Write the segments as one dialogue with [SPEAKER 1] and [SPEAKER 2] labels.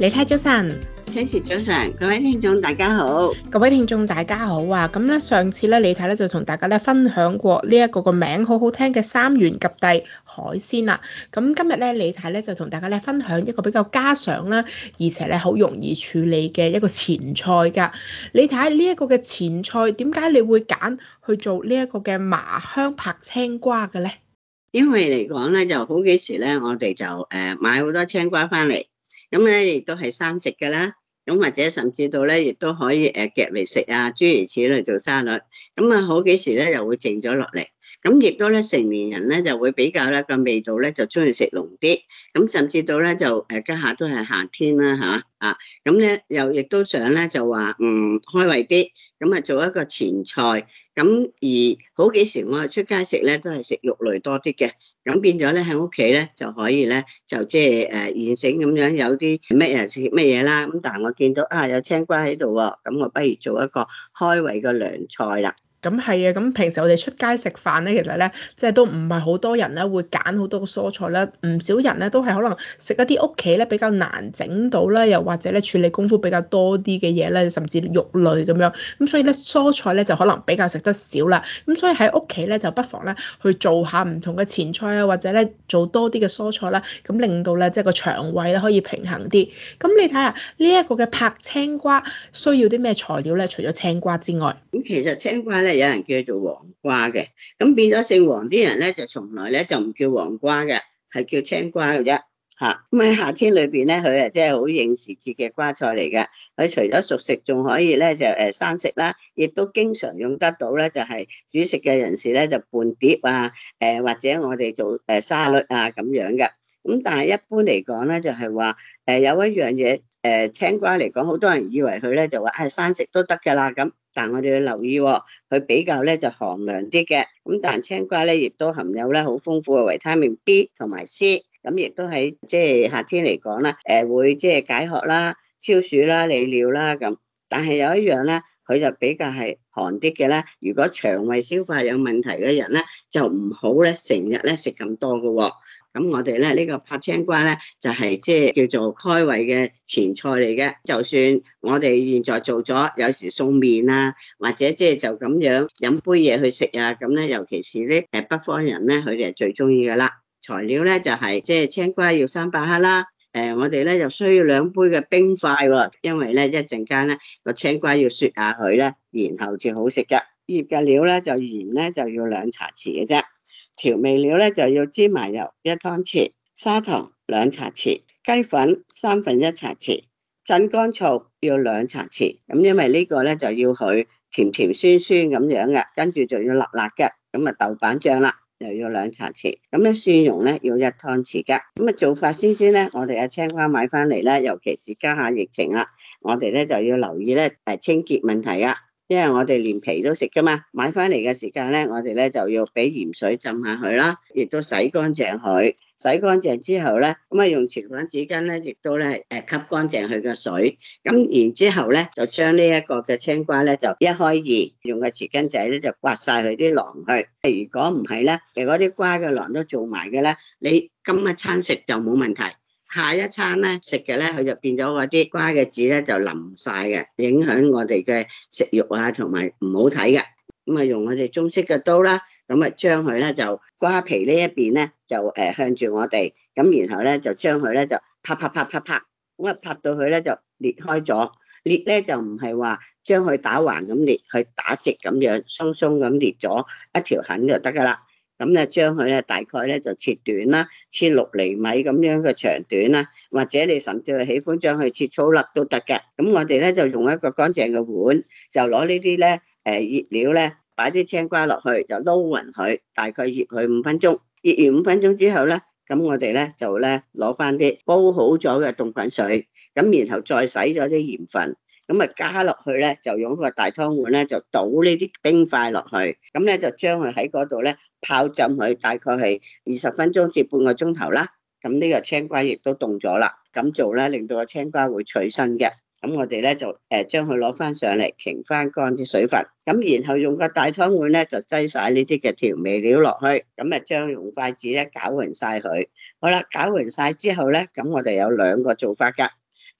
[SPEAKER 1] 李太早晨，清晨早上，各位聽眾大家好，各位聽眾大家好啊！咁咧，上次咧，李太咧就同大家咧分享過呢一個個名好好聽嘅三元及第海鮮啦。咁今日咧，李太咧就同大家咧分享一個比較家常啦，而且咧好容易處理嘅一個前菜噶。你睇下呢一個嘅前菜，點解你會揀去做呢一個嘅麻香拍青瓜嘅咧？
[SPEAKER 2] 因為嚟講咧，就好幾時咧，我哋就誒買好多青瓜翻嚟。咁咧亦都係生食嘅啦，咁或者甚至到咧，亦都可以誒夾嚟食啊，諸如此類做沙律。咁啊，好幾時咧又會靜咗落嚟，咁亦都咧成年人咧就會比較咧個味道咧就中意食濃啲，咁甚至到咧就誒家下都係夏天啦，吓，啊？咁咧又亦都想咧就話嗯開胃啲，咁啊做一個前菜。咁而好幾時我哋出街食咧都係食肉類多啲嘅。咁變咗咧喺屋企咧就可以咧就即係誒現成咁樣有啲咩人食咩嘢啦，咁但係我見到啊有青瓜喺度喎，咁我不如做一個
[SPEAKER 1] 開胃嘅涼菜啦。咁係啊，咁平時我哋出街食飯咧，其實咧，即係都唔係好多人咧，會揀好多嘅蔬菜啦。唔少人咧都係可能食一啲屋企咧比較難整到啦，又或者咧處理功夫比較多啲嘅嘢咧，甚至肉類咁樣。咁所以咧，蔬菜咧就可能比較食得少啦。咁所以喺屋企咧就不妨咧去做下唔同嘅前菜啊，或者咧做多啲嘅蔬菜啦，咁令到咧即係個腸胃咧可以平衡啲。咁你睇下呢一個嘅拍青瓜需要啲咩材料咧？除咗青瓜之外，咁其實青瓜咧。有人叫做黃瓜嘅，咁變咗姓黃啲人咧，
[SPEAKER 2] 就從來咧就唔叫黃瓜嘅，係叫青瓜嘅啫嚇。咁、啊、喺夏天裏邊咧，佢誒真係好應時節嘅瓜菜嚟嘅。佢除咗熟食，仲可以咧就誒生、呃、食啦，亦都經常用得到咧，就係、是、煮食嘅人士咧就伴碟啊，誒、呃、或者我哋做誒沙律啊咁樣嘅。咁、嗯、但係一般嚟講咧，就係話誒有一樣嘢誒、呃、青瓜嚟講，好多人以為佢咧就話誒生食都得㗎喇咁。啊。但我哋要留意、哦，佢比較咧就寒涼啲嘅。咁但青瓜咧亦都含有咧好豐富嘅維他命 B 同埋 C。咁亦都喺即係夏天嚟講啦，誒會即係解渴啦、消暑啦、利尿啦咁。但係有一樣咧，佢就比較係寒啲嘅咧，如果腸胃消化有問題嘅人咧，就唔好咧，成日咧食咁多噶喎。咁我哋咧呢個拍青瓜咧，就係即係叫做開胃嘅前菜嚟嘅。就算我哋現在做咗，有時送麵啊，或者即係就咁樣飲杯嘢去食啊。咁咧，尤其是啲誒北方人咧，佢哋係最中意噶啦。材料咧就係即係青瓜要三百克啦。誒、呃，我哋咧就需要兩杯嘅冰塊、哦，因為咧一陣間咧個青瓜要雪下佢咧，然後至好食嘅。醃嘅料咧就鹽咧就要兩茶匙嘅啫，調味料咧就要芝麻油一湯匙，砂糖兩茶匙，雞粉三分一茶匙，鎮干醋要兩茶匙。咁、嗯、因為個呢個咧就要佢甜甜酸酸咁樣嘅，跟住就要辣辣嘅，咁、嗯、啊豆瓣醬啦。又要兩茶匙，咁咧蒜蓉咧要一湯匙噶，咁啊做法先先咧，我哋啊青瓜買翻嚟咧，尤其是家下疫情啦，我哋咧就要留意咧清潔問題啊。因為我哋連皮都食噶嘛，買翻嚟嘅時間咧，我哋咧就要俾鹽水浸下佢啦，亦都洗乾淨佢，洗乾淨之後咧，咁啊用廚房紙巾咧，亦都咧誒吸乾淨佢嘅水，咁然之後咧就將呢一個嘅青瓜咧就一開二，用個匙羹仔咧就刮晒佢啲囊去，如果唔係咧，其實嗰啲瓜嘅囊都做埋嘅咧，你今日餐食就冇問題。下一餐咧食嘅咧，佢就變咗嗰啲瓜嘅籽咧就淋晒嘅，影響我哋嘅食慾啊，同埋唔好睇嘅。咁啊，用我哋中式嘅刀啦，咁啊，將佢咧就瓜皮一邊呢一邊咧就誒、呃、向住我哋，咁然後咧就將佢咧就啪啪啪啪啪，咁啊拍到佢咧就裂開咗。裂咧就唔係話將佢打橫咁裂，佢打直咁樣鬆鬆咁裂咗一條痕就得噶啦。咁咧，將佢咧大概咧就切短啦，切六厘米咁樣嘅長短啦，或者你甚至係喜歡將佢切粗粒都得嘅。咁我哋咧就用一個乾淨嘅碗，就攞呢啲咧，誒熱料咧，擺啲青瓜落去，就撈勻佢，大概熱佢五分鐘。熱完五分鐘之後咧，咁我哋咧就咧攞翻啲煲好咗嘅凍滾水，咁然後再洗咗啲鹽分。咁啊，加落去咧，就用個大湯碗咧，就倒呢啲冰塊落去，咁咧就將佢喺嗰度咧泡浸佢，大概係二十分鐘至半個鐘頭啦。咁呢個青瓜亦都凍咗啦，咁做咧令到個青瓜會脆身嘅。咁我哋咧就誒將佢攞翻上嚟，擎翻乾啲水分，咁然後用個大湯碗咧就擠晒呢啲嘅調味料落去，咁啊將用筷子咧攪勻晒佢。好啦，攪勻晒之後咧，咁我哋有兩個做法噶。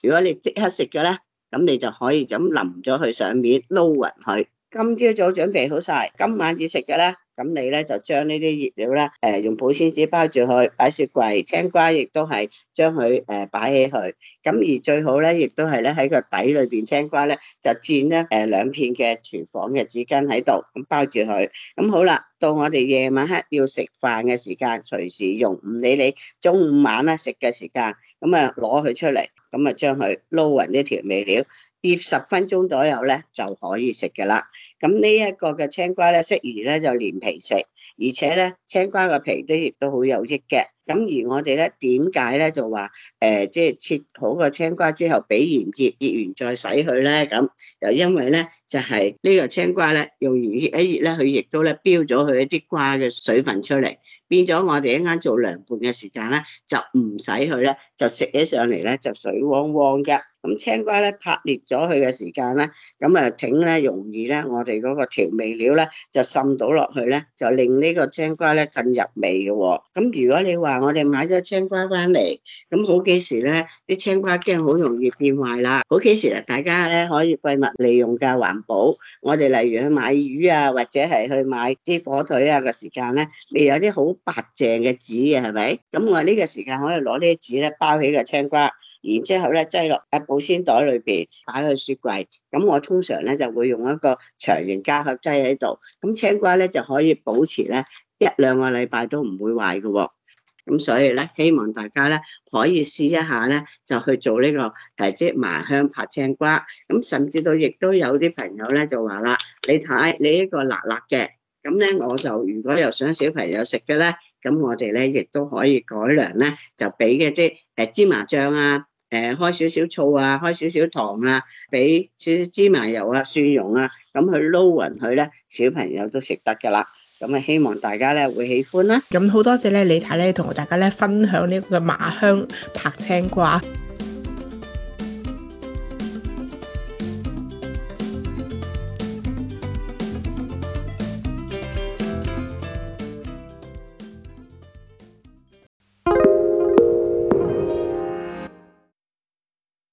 [SPEAKER 2] 如果你即刻食咗咧。咁你就可以咁淋咗佢上面撈匀佢。今朝早，早準備好晒，今晚至食嘅咧，咁你咧就將呢啲熱料咧，誒、呃、用保鮮紙包住佢，擺雪櫃。青瓜亦都係將佢誒、呃、擺起佢。咁而最好咧，亦都係咧喺個底裏邊青瓜咧，就攢咧誒兩片嘅廚房嘅紙巾喺度咁包住佢。咁好啦，到我哋夜晚黑要食飯嘅時間，隨時用，唔理你中午晚咧食嘅時間。咁啊，攞佢出嚟，咁啊，將佢撈匀啲調味料，醃十分鐘左右咧，就可以食噶啦。咁呢一個嘅青瓜咧，適宜咧就連皮食。而且咧，青瓜嘅皮都亦都好有益嘅。咁而我哋咧，點解咧就話，誒、呃，即係切好個青瓜之後，俾完熱，熱完再洗佢咧，咁又因為咧，就係呢個青瓜咧，用完熱一熱咧，佢亦都咧，標咗佢一啲瓜嘅水分出嚟，變咗我哋一間做涼拌嘅時間咧，就唔洗佢咧，就食起上嚟咧，就水汪汪嘅。咁青瓜咧拍裂咗佢嘅時間咧，咁啊挺咧容易咧，我哋嗰個調味料咧就滲到落去咧，就令呢個青瓜咧更入味嘅喎、哦。咁如果你話我哋買咗青瓜翻嚟，咁好幾時咧啲青瓜姜好容易變壞啦。好幾時啊，大家咧可以廢物利用㗎，環保。我哋例如去買魚啊，或者係去買啲火腿啊嘅時間咧，咪有啲好白淨嘅紙嘅係咪？咁我呢個時間可以攞呢啲紙咧包起個青瓜。然之後咧，擠落誒保鮮袋裏邊，擺去雪櫃。咁我通常咧就會用一個長形膠盒擠喺度。咁青瓜咧就可以保持咧一兩個禮拜都唔會壞嘅喎。咁所以咧，希望大家咧可以試一下咧，就去做呢、這個誒芝麻香拍青瓜。咁、嗯、甚至到亦都有啲朋友咧就話啦，你睇你呢個辣辣嘅。咁咧我就如果又想小朋友食嘅咧，咁我哋咧亦都可以改良咧，就俾嘅啲誒芝麻醬啊。誒、嗯，開少少醋啊，開少少糖啊，俾少少芝麻油啊，蒜蓉啊，咁、嗯、去撈勻佢咧，小朋友都食得噶啦，咁、嗯、啊希望大家咧會喜歡
[SPEAKER 1] 啦，咁好多謝咧李太咧同大家咧分享呢個麻香拍青瓜。